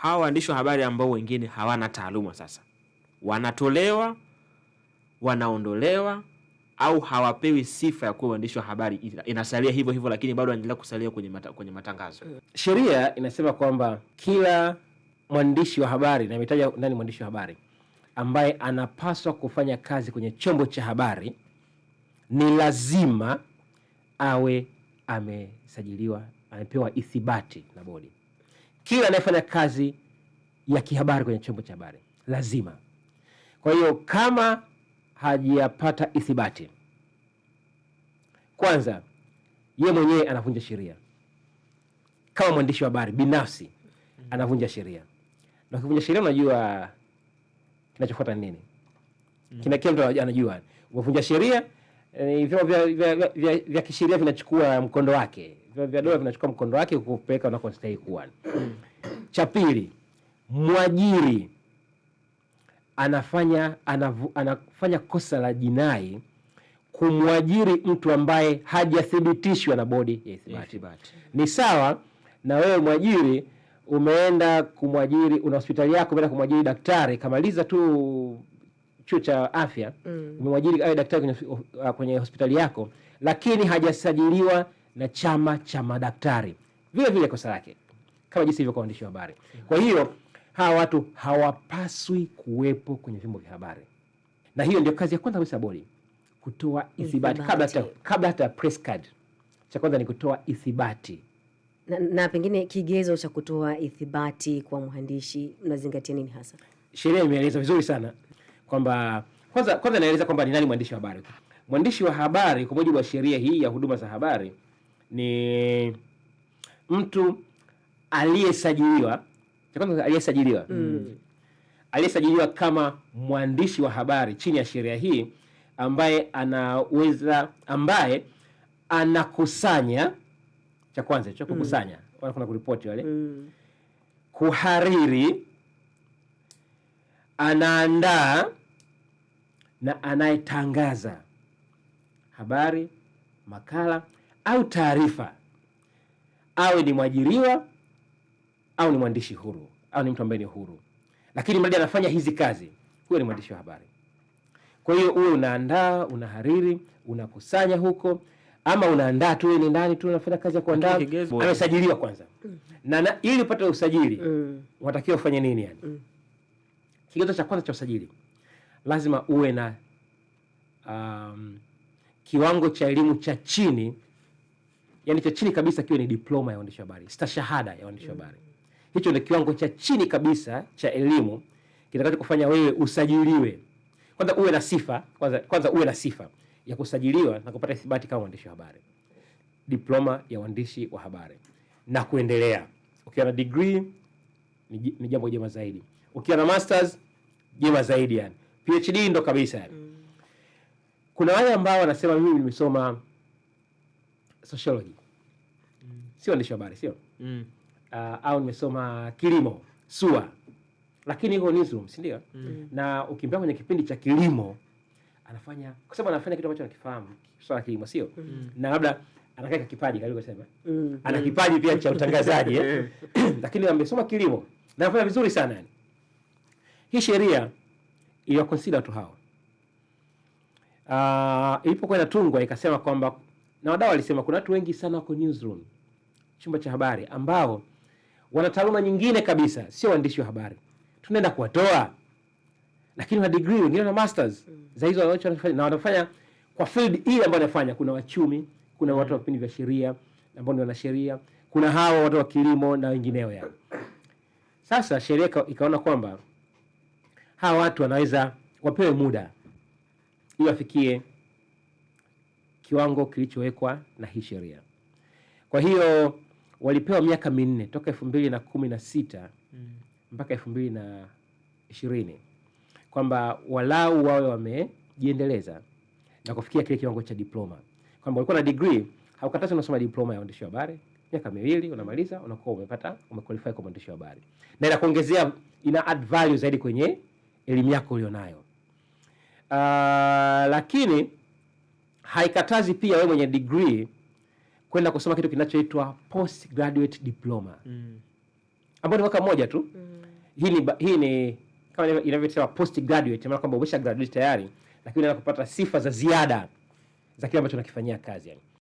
hawa waandishi wa habari ambao wengine hawana taaluma sasa wanatolewa, wanaondolewa au hawapewi sifa ya kuwa waandishi wa habari, inasalia hivyo hivyo, lakini bado wanaendelea kusalia kwenye, mata, kwenye matangazo. Sheria inasema kwamba kila mwandishi wa habari na nani mwandishi wa habari ambaye anapaswa kufanya kazi kwenye chombo cha habari ni lazima awe amesajiliwa, amepewa ithibati na bodi kila anayefanya kazi ya kihabari kwenye chombo cha habari lazima. Kwa hiyo kama hajapata ithibati, kwanza ye mwenyewe anavunja sheria kama mwandishi wa habari binafsi, anavunja sheria, na ukivunja sheria unajua kinachofuata nini? Mm. Kila mtu anajua umevunja sheria e, vyombo vya, vya, vya, vya, vya kisheria vinachukua mkondo wake, vyombo vya dola vinachukua mkondo wake kupeleka unakostahili kuwa. Cha pili, mwajiri anafanya anavu, anafanya kosa la jinai kumwajiri mtu ambaye hajathibitishwa na bodi ya ithibati. Ni sawa na wewe mwajiri umeenda kumwajiri, una hospitali yako umeenda kumwajiri daktari, kamaliza tu chuo cha afya mm. umemwajiri awe daktari kwenye, uh, kwenye hospitali yako, lakini hajasajiliwa na chama cha madaktari, vile vile kosa lake kama jinsi ilivyo kwa waandishi wa habari. Kwa hiyo hawa watu hawapaswi kuwepo kwenye vyombo vya habari, na hiyo ndio kazi ya kwanza kabisa bodi kutoa ithibati kabla hata press card. Cha kwanza ni kutoa ithibati na, na pengine kigezo cha kutoa ithibati kwa mhandisi mnazingatia nini hasa? Sheria imeeleza vizuri sana kwamba kwanza kwanza naeleza kwamba ni nani mwandishi wa habari. Mwandishi wa habari kwa mujibu wa sheria hii ya huduma za habari ni mtu aliyesajiliwa, cha kwanza aliyesajiliwa mm. aliyesajiliwa kama mwandishi wa habari chini ya sheria hii ambaye anaweza ambaye anakusanya, cha kwanza cha kukusanya mm. wala kuna kuripoti wale mm. kuhariri, anaandaa na anayetangaza habari, makala au taarifa, awe ni mwajiriwa au ni mwandishi huru au ni mtu ambaye ni huru, lakini mradi anafanya hizi kazi, huyo ni mwandishi wa habari. Kwa hiyo huwe unaandaa, unahariri, unakusanya huko ama unaandaa tu ni ndani tu unafanya kazi ya kuandaa, amesajiliwa kwanza na, na ili upate usajili mm. watakiwa ufanye nini yani mm. kigezo cha kwanza cha usajili lazima uwe na um, kiwango cha elimu cha chini, yani cha chini kabisa kiwe ni diploma ya uandishi wa habari, stashahada ya uandishi wa habari. Hicho ndio kiwango cha chini kabisa cha elimu kitakacho kufanya wewe usajiliwe. Kwanza uwe na sifa kwanza, kwanza uwe na sifa ya kusajiliwa na kupata ithibati kama mwandishi wa habari, diploma ya uandishi wa habari na kuendelea. Ukiwa na degree ni jambo jema zaidi, ukiwa na masters jema zaidi yani PhD ndo kabisa yani. Mm. Kuna wale ambao wanasema mimi nimesoma sociology. Mm. Sio waandishi habari, sio? Mm. Uh, au nimesoma kilimo, SUA. Lakini hiyo newsroom, si ndio? Mm. mm. Na ukimbia kwenye kipindi cha kilimo anafanya kwa sababu anafanya kitu ambacho anakifahamu, sio la kilimo, sio? Mm. Na labda anakaa kipaji karibu sema. Mm. Ana kipaji pia cha utangazaji eh. Lakini amesoma kilimo na anafanya vizuri sana yani. Hii sheria iliwa consider tu hao. Uh, ilipokuwa inatungwa ikasema kwamba na wadau walisema kuna watu wengi sana wako newsroom, chumba cha habari, ambao wana taaluma nyingine kabisa, sio waandishi wa habari. Tunaenda kuwatoa, lakini wana degree, wengine wana masters mm. za hizo wanacho wanafanya, na wanafanya kwa field hii ambayo wanafanya. Kuna wachumi, kuna watu wa mm. vipindi vya sheria ambao ni wanasheria, kuna hawa watu wa kilimo na wengineo. yao. sasa sheria ikaona kwamba hawa watu wanaweza wapewe muda ili wafikie kiwango kilichowekwa na hii sheria. Kwa hiyo walipewa miaka minne toka elfu mbili na kumi na sita mm. mpaka elfu mbili na ishirini kwamba walau wawe wamejiendeleza na kufikia kile kiwango cha diploma, kwamba walikuwa na degree haukatazi unasoma diploma ya uandishi wa habari miaka miwili unamaliza, unakuwa umepata umequalify kwa mwandishi wa habari, na inakuongezea ina add value zaidi kwenye elimu yako ulionayo. Uh, lakini haikatazi pia wewe mwenye degree kwenda kusoma kitu kinachoitwa graduate diploma mm. ambayo ni mwaka mmoja tu mm. hii ni, hii ni kama inavyosema graduate, maana kwamba umesha graduate tayari, lakini unaenda kupata sifa za ziada za kile ambacho unakifanyia kazi yani.